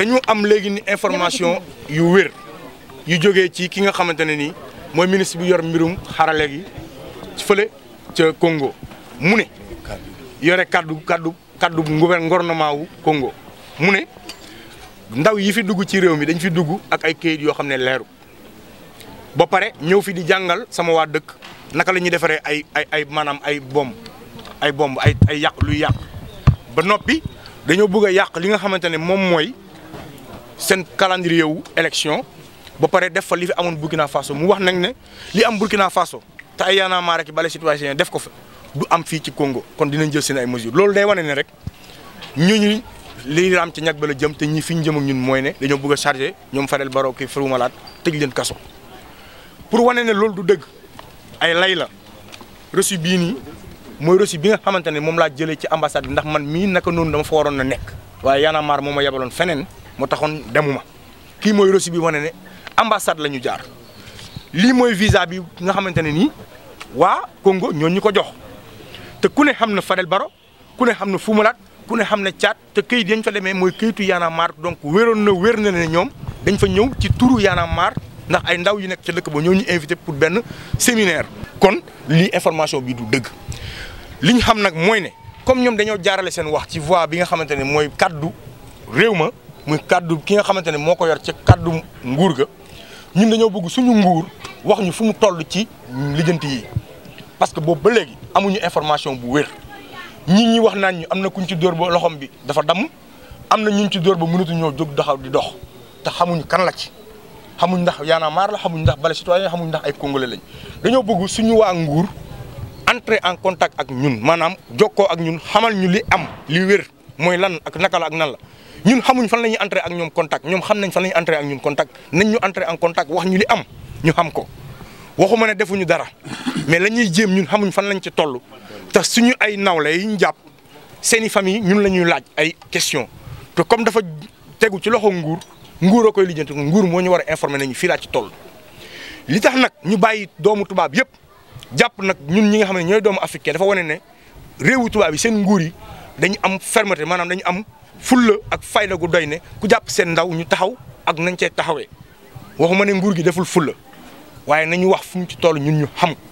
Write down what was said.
dañu am léegi ni information yu wér yu jógee ci ki nga xamante ne nii mooy ministre bu yor mbirum xarale gi fële ca Congo mu ne yore kàddu kàddu kaddu gouvernement wu Congo mu ne ndaw yi fi dugg ci réew mi dañ fi dugg ak ay kayit yoo xam ne leeru ba pare ñëw fi di jàngal sama waa dëkk naka la ñuy defaree ay ay ay maanaam ay bomb ay bomb ay ay yàq luy yàq ba noppi dañoo bëgg a yàq li nga xamante ne moom mooy seen calendrier wu élection ba pare def fa li fi amoon Burkina Faso mu wax nag ne li am Burkina Faso te ay Y'en a marre ak Balai Citoyen def ko fa du am fii ci Congo kon dinañ jël seen ay mesures loolu day wane ne rek ñu ñu li raam ci ñag ba la jëm te ñi fi ñu jëm ñun mooy ne dañoo bëgg a chargé ñoom Fadel Barro kii Félou Malade tëj leen kaso pour wane ne loolu du dëgg ay lay la reçu bii nii mooy reçu bi nga xamante ne moom laa jëlee ci ambassade bi ndax man mii naka noonu waroon na nekk waaye Y'en a marre moo ma yebaloon moo taxoon demuma kii mooy reçu bi wane ne ambassade lañu jaar lii mooy visa bi nga xamante ne nii waa Congo ñoo ñu ko jox te ku ne xam na Fadel Baro ku ne xam na Fumalaat ku ne xam ne caat te këyit yañ fa demee mooy këyitu Y'en a donc wéroon na wér na ne ñoom dañ fa ñëw ci turu Y'en a ndax ay ndaw yu nekk ca dëkk ba ñoo ñu invité pour benn séminaire. kon lii information bi du dëgg li xam nag mooy ne comme ñoom dañoo jaarale seen wax ci voix bi nga xamante ne mooy kaddu réew ma. muy kaddu ki nga xamante ne moo ko yor ci kaddu nguur ga ñun dañoo bëgg suñu nguur wax ñu fu mu toll ci lijjanti yi parce que boobu ba léegi amuñu information bu wér ñi ñi wax naan ñu am na kuñ ci dóor ba loxom bi dafa damm am na ñun ci dóor ba mënatu ñoo jóg doxaw di dox te xamuñu kan la ci xamuñ ndax Y'en a marre la xamuñ ndax Balai Citoyen xamuñ ndax ay congolais lañ dañoo bëgg suñu waa nguur entrer en contact ak ñun maanaam jokkoo ak ñun xamal ñu li am li wér mooy lan ak naka la ak nan la ñun xamuñ fan la ñuy entrer ak ñoom contact ñoom xam nañ fan la ñuy entrer ak ñun contact nañ ñu entrer en contact wax ñu li am ñu xam ko waxuma ne defuñu dara mais la ñuy jéem ñun xamuñ fan lañ ci toll te suñu ay nawle yi ñu jàpp seen i famille ñun la ñuy laaj ay question te comme dafa tegu ci loxo nguur nguuroo koy lijjanti nguur moo ñu war a informer nañu fii laa ci toll li tax nag ñu bàyyi doomu tubaab yëpp jàpp nag ñun ñi nga xam ne ñooy doomu africain dafa wane ne réewu tubaab yi seen nguur yi dañu am fermeté maanaam dañu am fulla ak fayda gu doy ne ku jàpp seen ndaw ñu taxaw ak nañ cee taxawee waxuma ne nguur gi deful fulla waaye nañu wax fu mu ci toll ñun ñu xam